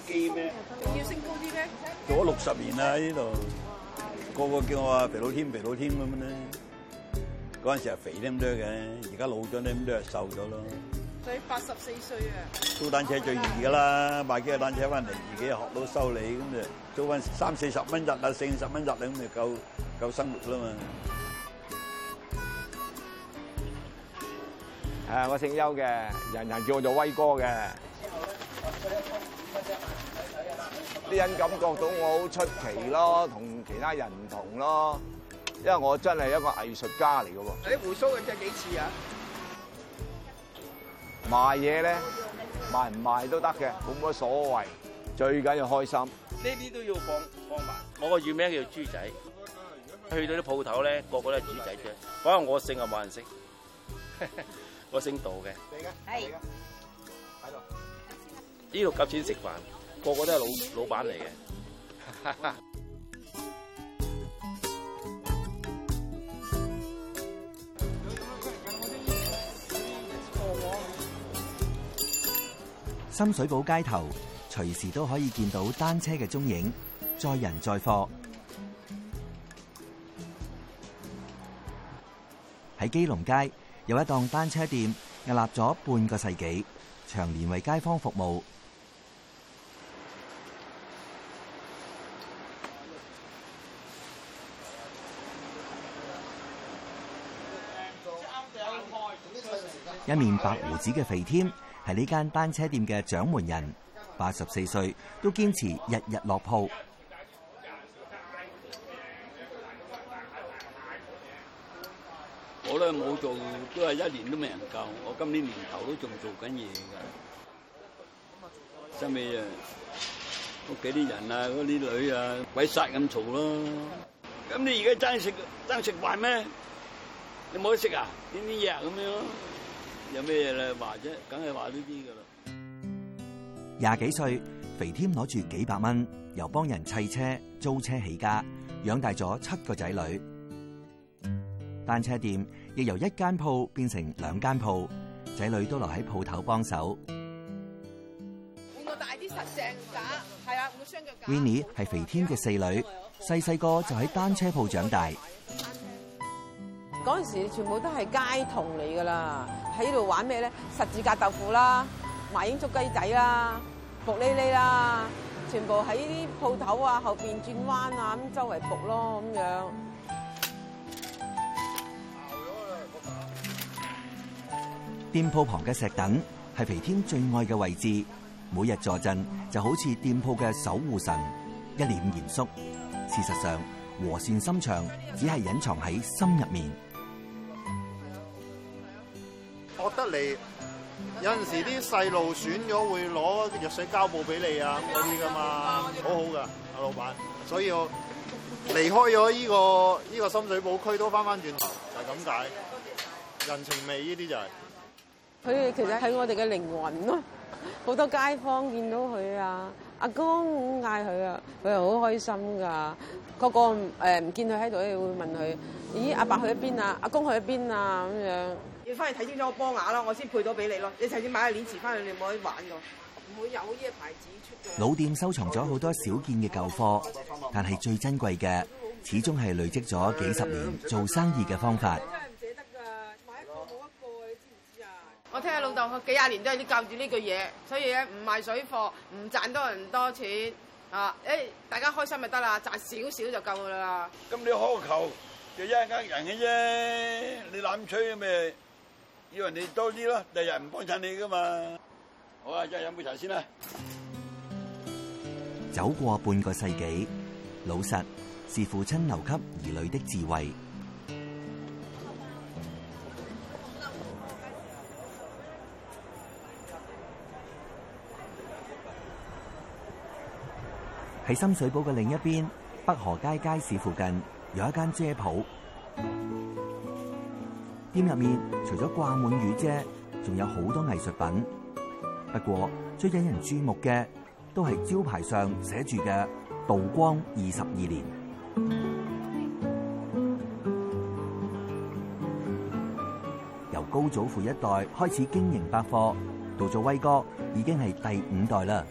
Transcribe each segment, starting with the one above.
機咩？要升高啲咩？做咗六十年啦，喺度，個個叫我話肥佬添、肥佬添咁樣咧。嗰陣時係肥啲咁多嘅，而家老咗啲咁多又瘦咗咯。所以八十四歲啊？租單車最易噶啦，買幾隻單車翻嚟，自己學到修理咁就租翻三四十蚊日啊，四十蚊日你咁就夠夠生活啦嘛。誒，我姓邱嘅，人人叫我做威哥嘅。啲人感覺到我好出奇咯，同其他人唔同咯，因為我真係一個藝術家嚟嘅喎。你鬍鬚嘅真係幾次啊？賣嘢咧，賣唔賣都得嘅，冇乜所謂。最緊要開心。呢啲都要放放埋。我個乳名叫豬仔。去到啲鋪頭咧，個個都係豬仔啫。可能我姓又冇人識。我姓杜嘅。係嘅。係嘅。喺度。呢度夾錢食飯。個個都係老老闆嚟嘅，深水埗街頭，隨時都可以見到單車嘅蹤影，載人載貨。喺基隆街有一檔單車店，屹立咗半個世紀，長年為街坊服務。一面白鬍子嘅肥添，係呢間單車店嘅掌門人，八十四歲都堅持日日落鋪。我咧冇做，都係一年都未人夠。我今年年頭都仲做緊嘢噶。收尾啊，屋企啲人啊，嗰啲女啊，鬼殺咁嘈咯。咁你而家爭食爭食飯咩？你冇得食啊？點啲藥咁樣？有咩嘢咧？話啫，梗係話呢啲噶啦。廿幾歲，肥添攞住幾百蚊，由幫人砌車、租車起家，養大咗七個仔女。單車店亦由一間鋪變成兩間鋪，仔女都留喺鋪頭幫手。換個大啲實淨㗎，係啊，換個雙腳架。Winnie 係肥添嘅四女，細細個就喺單車鋪長大。單嗰陣時全部都係街童嚟噶啦。喺度玩咩咧？十字架豆腐啦，麻鷹捉雞仔啦，伏匿匿啦，全部喺啲鋪頭啊後邊轉彎啊咁周圍伏咯咁樣。店鋪旁嘅石凳係肥添最愛嘅位置，每日坐鎮就好似店鋪嘅守護神，一臉嚴肅。事實上，和善心腸只係隱藏喺心入面。出嚟有陣時啲細路損咗，會攞藥水膠布俾你啊嗰啲噶嘛，好好噶阿老闆，所以我離開咗依個呢個深水埗區都翻翻轉頭就係咁解，人情味呢啲就係佢哋其實喺我哋嘅靈魂咯，好多街坊見到佢啊，阿公嗌佢啊，佢又好開心噶，個個誒唔見佢喺度，你會問佢：咦，阿伯去咗邊啊？阿公去咗邊啊？咁樣。要翻去睇清楚個波雅咯，我先配到俾你咯。你就先買個鏈匙翻去，你唔可以玩噶，唔可以有呢個牌子出嘅。老店收藏咗好多少見嘅舊貨，嗯嗯嗯、但係最珍貴嘅、嗯嗯、始終係累積咗幾十年做生意嘅方法。真係唔捨得噶，買一個冇一個，你知唔知啊？我聽下老豆，佢幾廿年都係教住呢句嘢，所以咧唔賣水貨，唔賺多人多錢啊！誒、哎，大家開心咪得啦，賺少少就夠噶啦。咁你好求就一係呃人嘅啫，你攬吹咩？以為你多啲咯，第日唔幫襯你㗎嘛？好啊，一陣飲杯茶先啦。走過半個世紀，老實是父親留給兒女的智慧。喺深水埗嘅另一邊，北河街街市附近有一間遮鋪。店入面除咗掛滿雨遮，仲有好多藝術品。不過最引人注目嘅，都係招牌上寫住嘅道光二十二年。由高祖父一代開始經營百貨，到咗威哥已經係第五代啦。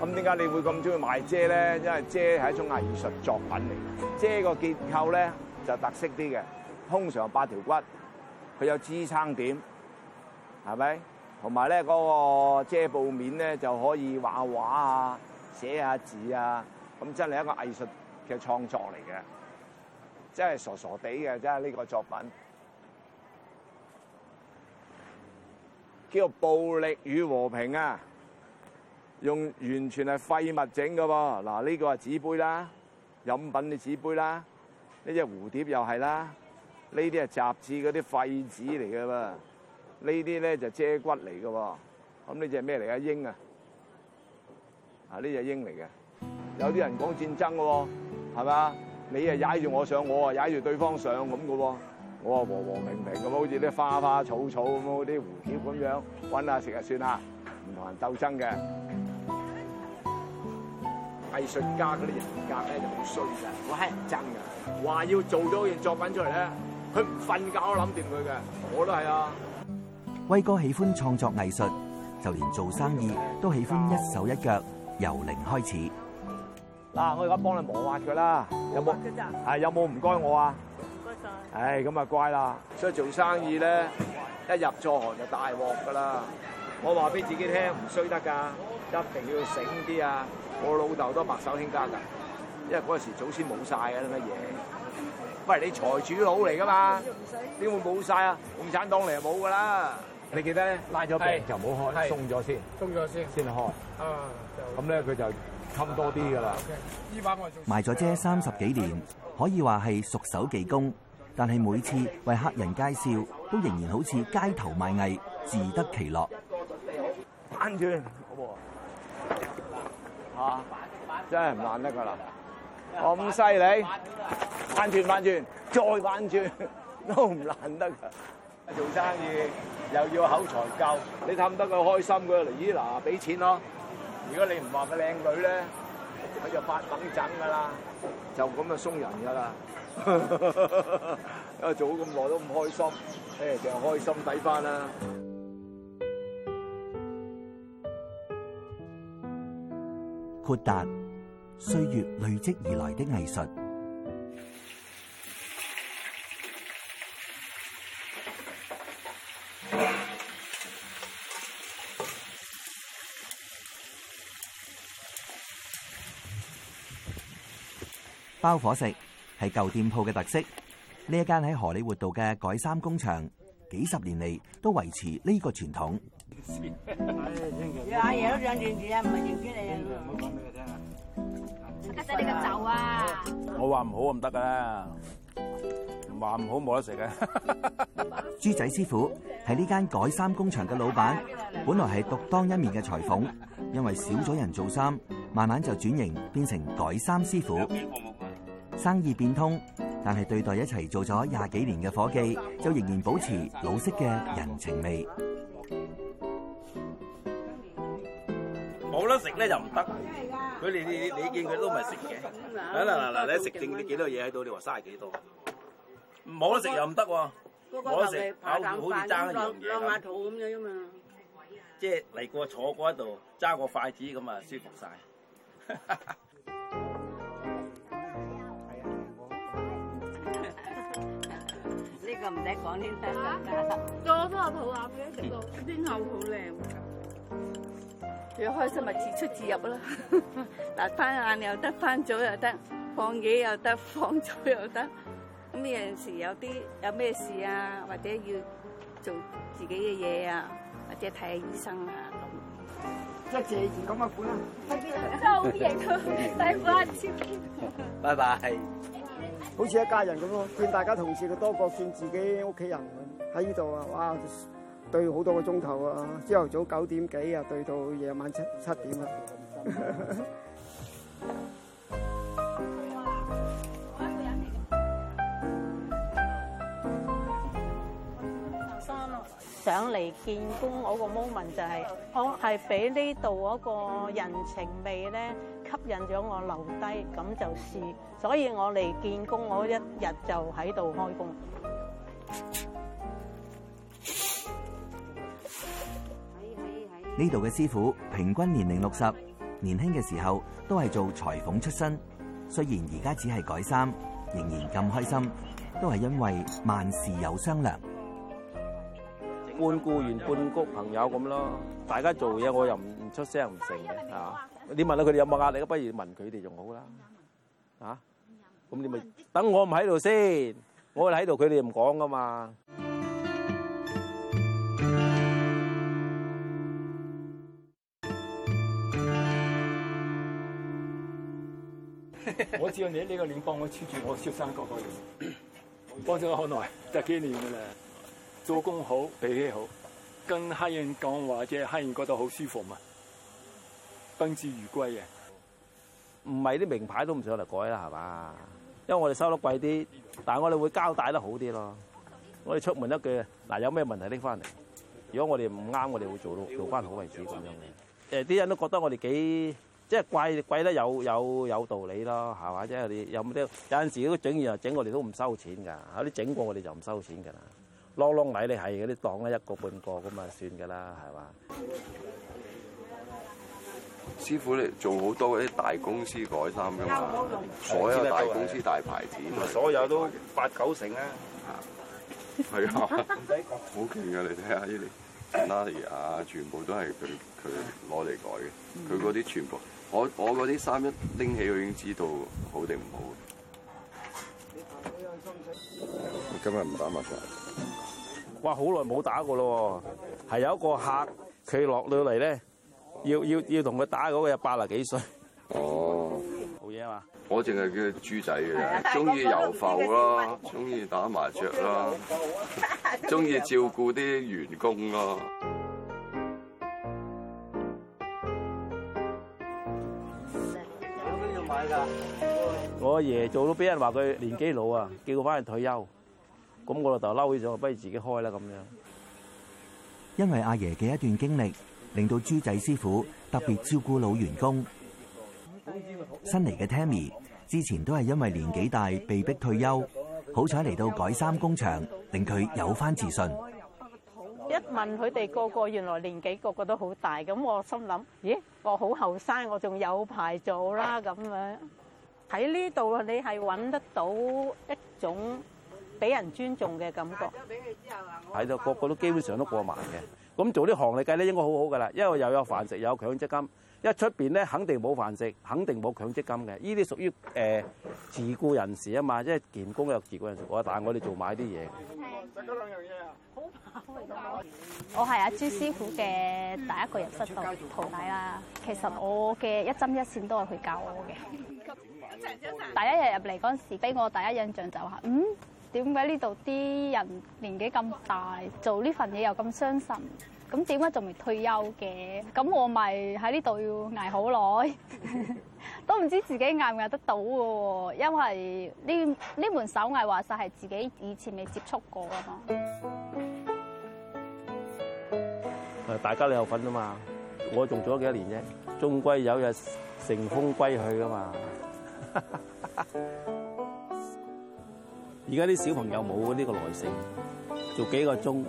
咁點解你會咁中意買遮咧？因為遮係一種藝術作品嚟，遮個結構咧就特色啲嘅。通常八條骨，佢有支撐點，係咪？同埋咧嗰個遮布面咧就可以畫畫啊、寫下字啊，咁真係一個藝術嘅創作嚟嘅，真係傻傻地嘅，真係呢個作品叫做《暴力與和平》啊！用完全係廢物整㗎喎，嗱、這、呢個係紙杯啦，飲品嘅紙杯啦，呢、這、隻、個、蝴蝶又係啦。呢啲係雜誌嗰啲廢紙嚟㗎嘛？呢啲咧就是、遮骨嚟喎。咁呢隻咩嚟啊？鷹啊！啊，呢隻鷹嚟嘅。有啲人講戰爭嘅喎，係咪啊？你啊踩住我上，我啊踩住對方上咁嘅喎。我啊和和平平咁，好似啲花花草草咁，啲蝴蝶咁樣揾下食啊算啦，唔同人鬥爭嘅。藝術家嗰啲人格咧就好衰嘅，好乞人憎㗎，話要做多件作品出嚟咧。佢唔瞓覺都諗掂佢嘅，我都係啊。威哥喜歡創作藝術，就連做生意都喜歡一手一腳，由零開始。嗱、啊，我而家幫你磨滑佢啦，有冇？係、啊、有冇唔該我啊？唔該晒。唉、哎，咁啊乖啦。所以做生意咧，一入錯行就大鑊噶啦。我話俾自己聽，唔衰得噶，一定要醒啲啊！我老豆都白手興家噶，因為嗰時祖先冇晒啊啲乜嘢。喂，你財主佬嚟噶嘛？點會冇晒啊？共產黨嚟就冇噶啦！你記得咧，拉咗皮就唔好開，鬆咗先，鬆咗先先開。啊，咁咧佢就冚多啲噶啦。依把我埋咗啫三十幾年，可以話係熟手技工，但係每次為客人介紹，都仍然好似街頭賣藝，自得其樂。一個準備好，翻轉嚇，真係唔難得噶啦，咁犀利！翻轉翻轉，再翻轉都唔難得㗎。做生意又要口才夠，你氹得佢開心嘅，嚟姨嗱俾錢咯。如果你唔話佢靚女咧，佢就發冷震噶啦，就咁就送人噶啦。啊，做好咁耐都唔開心，嘿，仲開心抵翻啦！豁達歲月累積而來的藝術。包伙食係舊店鋪嘅特色，呢一間喺荷里活道嘅改衫工場，幾十年嚟都維持呢個傳統。阿爺 都想住啊，唔係住啊！唔好講俾佢聽啊！你個啊！我話唔好唔得噶啦，話唔好冇得食嘅。豬仔師傅係呢間改衫工場嘅老闆， 本來係獨當一面嘅裁縫，因為少咗人做衫，慢慢就轉型變成改衫師傅。生意變通，但係對待一齊做咗廿幾年嘅伙計，就仍然保持老式嘅人情味。冇得食咧就唔得，佢哋你你見佢都唔係食嘅。嗱嗱嗱，你食剩你幾多嘢喺度？你話嘥幾多？冇得食又唔得喎。冇哥得食，好唔好易爭一樣嘢啊？即係嚟過坐過喺度，揸個筷子咁啊舒服晒。 唔使講啲。得多肚鴨嘅，其實啲牛好靚。最開心咪自出自入啦。嗱， 翻晏又得，翻早又得，放夜又得，放早又得。咁有陣時有啲有咩事啊，或者要做自己嘅嘢啊，或者睇醫生啊，咁。即係借住咁嘅款啊！好型啊！拜拜。 好似一家人咁咯，見大家同事嘅多過見自己屋企人。喺呢度啊，哇，對好多個鐘頭啊，朝頭早九點幾啊，對到夜晚七七點啦，就是。我上啊！上嚟見工嗰個 moment 就係，我係俾呢度嗰個人情味咧。吸引咗我留低，咁就試，所以我嚟見工，我一日就喺度開工。呢度嘅師傅平均年齡六十，年輕嘅時候都係做裁縫出身，雖然而家只係改衫，仍然咁開心，都係因為萬事有商量，半僱員半谷朋友咁咯，大家做嘢我又唔唔出聲唔成啊。你問下佢哋有冇壓力，不如問佢哋仲好啦。嚇，咁、啊、你咪等我唔喺度先，我喺度佢哋唔講噶嘛。 我只要你呢個臉幫我穿住我雪山個個樣， 幫咗我好耐，就幾年噶啦。 做工好，脾氣好，跟客人講話啫，客人覺得好舒服嘛。賓至如歸嘅，唔係啲名牌都唔想嚟改啦，係嘛？因為我哋收得貴啲，但係我哋會交代得好啲咯。我哋出門一句，嗱，有咩問題拎翻嚟。如果我哋唔啱，我哋會做到做翻好為止咁樣嘅。誒啲人都覺得我哋幾即係貴貴得有有有道理咯，係嘛？即係你有冇啲有陣時都整完又整，我哋都唔收錢㗎。有啲整過我哋就唔收錢㗎啦。啷啷係嗰啲檔咧一個半個咁啊算㗎啦，係嘛？師傅咧做好多啲大公司改衫噶嘛，所有大公司大牌子，所有都八九成啦。係啊，好勁啊！你睇下呢啲拉爾啊，全部都係佢佢攞嚟改嘅。佢嗰啲全部，我我嗰啲衫一拎起，佢已經知道好定唔好。你打幾耐？今日唔打麻雀。哇！好耐冇打過咯喎，係有一個客佢落到嚟咧。要要要同佢打嗰個有八啊幾歲哦，好嘢啊嘛。我淨係叫豬仔嘅，中意游浮啦，中意打麻雀啦，中意照顧啲員工啦。有咩要買噶？謝謝。我阿爺做到俾人話佢年紀老啊，叫佢翻去退休，咁我老豆嬲起咗，不如自己開啦咁樣。因為阿爺嘅一段經歷。令到豬仔師傅特別照顧老員工，新嚟嘅 Tammy 之前都係因為年紀大被逼退休，好彩嚟到改衫工場，令佢有翻自信。一問佢哋個個原來年紀個個都好大，咁我心諗，咦，我好後生，我仲有排做啦咁樣。喺呢度你係揾得到一種俾人尊重嘅感覺。喺度個個都基本上都過萬嘅。咁做啲行嚟計咧，應該好好噶啦，因為又有飯食，又有強積金。因為出邊咧，肯定冇飯食，肯定冇強積金嘅。呢啲屬於誒、呃、自僱人士啊嘛，即係兼工又自僱人士。但我話，但係是我哋做埋啲嘢。食嗰兩樣嘢啊！我係阿朱師傅嘅第一個入室徒弟啦。嗯、其實我嘅一針一線都係佢教我嘅。第一日入嚟嗰陣時，俾我第一印象就係嗯。點解呢度啲人年紀咁大，做呢份嘢又咁傷神，咁點解仲未退休嘅？咁我咪喺呢度要捱好耐， 都唔知自己捱唔捱得到嘅。因為呢呢門手藝話曬係自己以前未接觸過㗎嘛。誒，大家你有份啊嘛，我仲做咗幾多年啫，終歸有日乘風歸去啊嘛。 而家啲小朋友冇呢啲個耐性，做幾個鐘，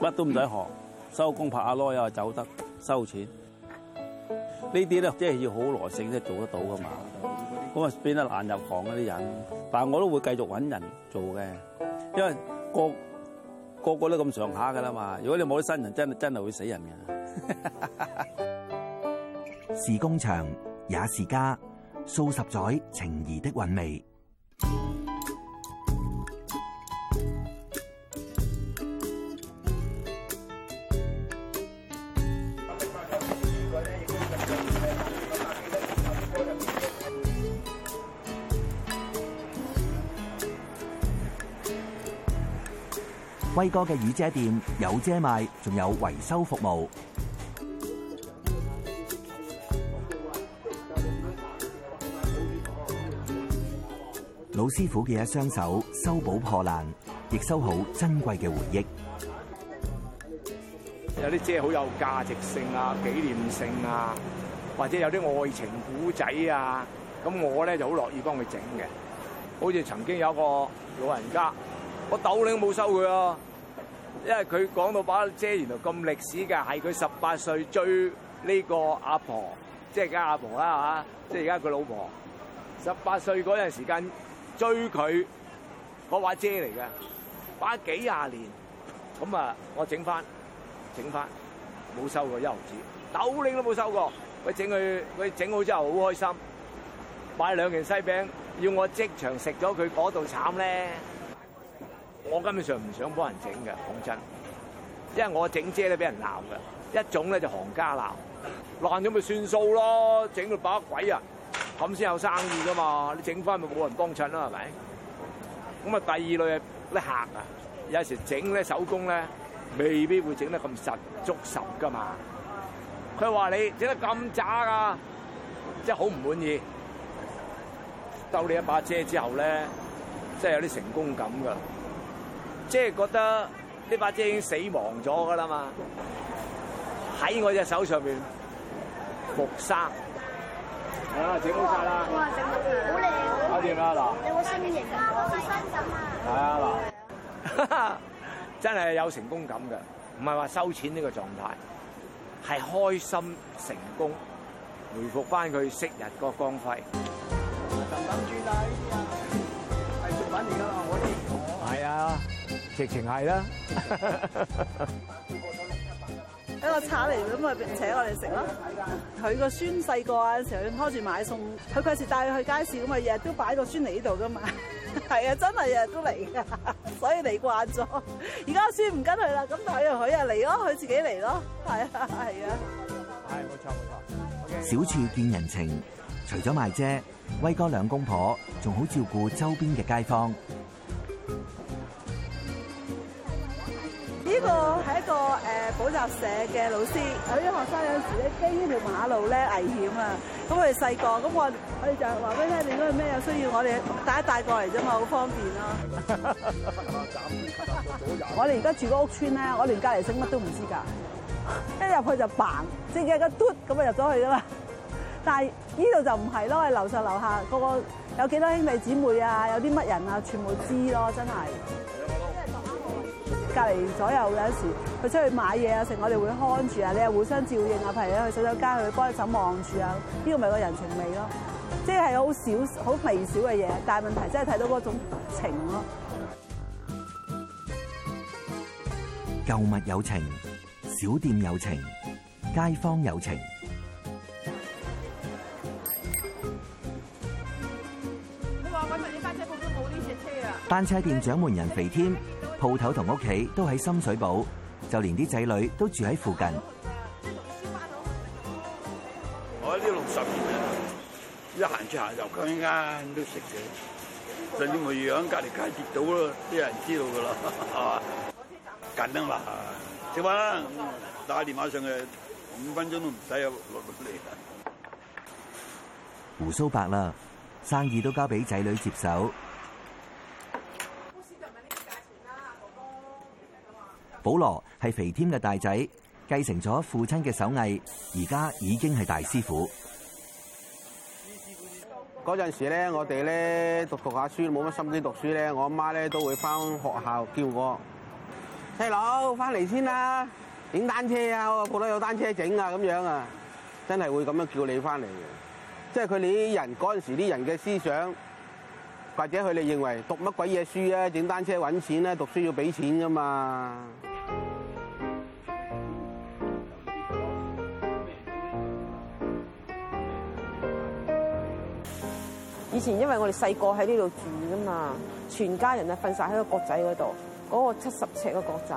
乜都唔使學，收工拍下攞又走得收錢。呢啲咧，即係要好耐性先做得到噶嘛。咁啊，變得難入行嗰啲人。但係我都會繼續揾人做嘅，因為個個個都咁上下噶啦嘛。如果你冇啲新人，真係真係會死人嘅。是 工場，也是家，數十載情義的韻味。威哥嘅雨遮店有遮賣，仲有維修服務。老師傅嘅一雙手修補破爛，亦修好珍貴嘅回憶。有啲遮好有價值性啊，紀念性啊，或者有啲愛情故仔啊，咁我咧就好樂意幫佢整嘅。好似曾經有一個老人家。我斗零冇收佢啊，因為佢講到把遮原來咁歷史嘅，係佢十八歲追呢個阿婆，婆，即係而家阿婆啦吓，即係而家佢老婆。十八歲嗰陣時間追佢，嗰把遮嚟嘅，把幾廿年，咁啊我整翻，整翻冇收過一毫子，斗零 都冇收過。喂，整佢，佢整好之後好開心，買兩件西餅，要我即場食咗佢嗰度慘咧。我根本上唔想幫人整嘅，講真，因為我整遮咧俾人鬧嘅，一種咧就行家鬧，爛咗咪算數咯，整到把鬼啊，咁先有生意噶嘛，你整翻咪冇人幫襯啦，係咪？咁啊，第二類啊，啲客啊，有時整咧手工咧，未必會整得咁十足十噶嘛。佢話你整得咁渣啊，即係好唔滿意，收你一把遮之後咧，即係有啲成功感㗎。即係覺得呢把遮已經死亡咗㗎啦嘛，喺我隻手上面復生，啊整好曬啦，好靚啊！搞掂啦嗱，你冇身形啊？係啊嗱，真係有成功感嘅，唔係話收錢呢個狀態，係開心成功，回復翻佢昔日個光輝。啊，盪盪轉啊係作品嚟㗎嘛，我知。係啊。直情係啦， 一個茶嚟咁啊，請我哋食咯。佢個孫細個啊，成日拖住買餸，佢嗰時帶佢去街市咁啊，日日都擺個孫嚟呢度噶嘛。係 啊，真係日日都嚟噶，所以嚟慣咗。而家孫唔跟佢啦，咁佢又佢又嚟咯，佢自己嚟咯。係啊，係啊。係冇錯冇錯。錯錯小處見人情，除咗賣遮，威哥兩公婆仲好照顧周邊嘅街坊。呢個係一個誒補習社嘅老師，有啲學生有陣時咧，驚呢條馬路咧危險啊！咁我哋細個，咁我我哋就話俾佢聽，你嗰有咩有需要，我哋帶一帶過嚟啫嘛，好方便咯。我哋而家住個屋村咧，我連隔離識乜都唔知㗎，一入去就扮，即 n g 只一 doot 咁啊入咗去嘛。但係呢度就唔係咯，係樓上樓下個有幾多少兄弟姊妹啊，有啲乜人啊，全部知咯，真係。隔籬左右有時佢出去買嘢啊食，我哋會看住啊，你又互相照應啊，譬如你去洗手間去幫一手望住啊，呢、呢個咪個人情味咯，即係好小好微小嘅嘢，但係問題真係睇到嗰種情咯。購物有情，小店有情，街坊有情。你話揾埋你單車鋪都冇呢隻車啊！單車店掌門人肥添。 鋪頭同屋企都喺深水埗，就連啲仔女都住喺附近。我呢六十年，一行住行就咁啱都識嘅，甚至咪遇喺隔籬街跌到咯，啲人知道噶啦，係嘛？近啦嘛，小王打電話上去，五分鐘都唔使有落嚟。鬍鬚白啦，生意都交俾仔女接手。保羅係肥添嘅大仔，繼承咗父親嘅手藝，而家已經係大師傅。嗰陣時咧，我哋咧讀讀下書冇乜心機讀書咧，我阿媽咧都會翻學校叫我，細佬翻嚟先啦，啊，整單車啊，我鋪得有單車整啊咁樣啊，這樣真係會咁樣叫你翻嚟嘅。即係佢哋啲人嗰陣時啲人嘅思想，或者佢哋認為讀乜鬼嘢書啊，整單車搵錢咧，讀書要俾錢噶嘛。以前因為我哋細個喺呢度住噶嘛，全家人啊瞓晒喺個角仔度，嗰個七十尺嘅角仔，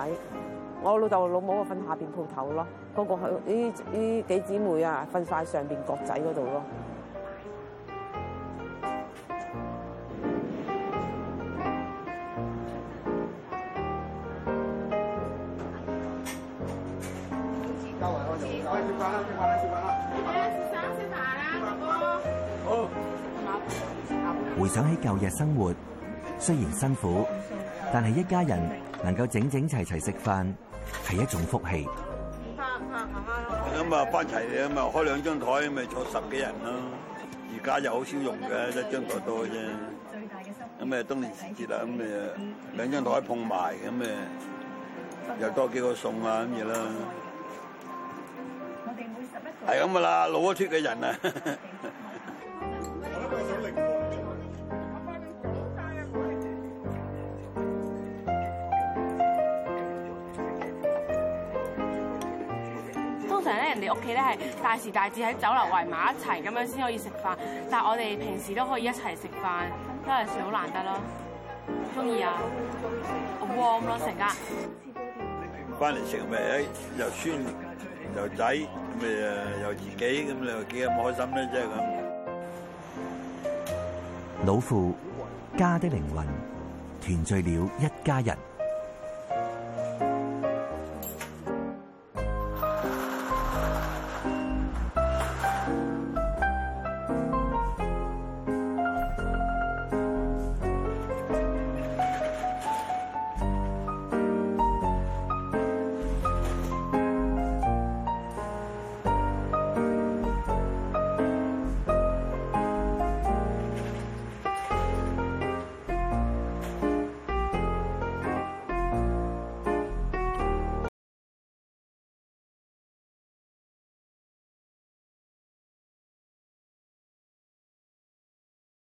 我老豆老母啊瞓下邊鋪頭咯，嗰個係呢呢幾姊妹啊瞓晒上邊角仔度咯。想起舊日生活，雖然辛苦，但係一家人能夠整整齊齊食飯係一種福氣。咁啊，翻齊嘅咁啊，開兩張台咪坐十幾人咯。而家又好少用嘅，一張台多啫。咁啊，冬年時節啦，咁啊，兩張台碰埋咁啊，又多幾個餸啊，咁嘢啦。我哋每十一歲。咁噶啦，攞出嘅人啊！即係大時大節喺酒樓圍埋一齊咁樣先可以食飯，但係我哋平時都可以一齊食飯，真係算好難得咯。中意啊，warm 咯成家。翻嚟食咪又孫又仔咪又自己咁，你話幾咁開心咧？即係咁。老父家的靈魂團聚了一家人。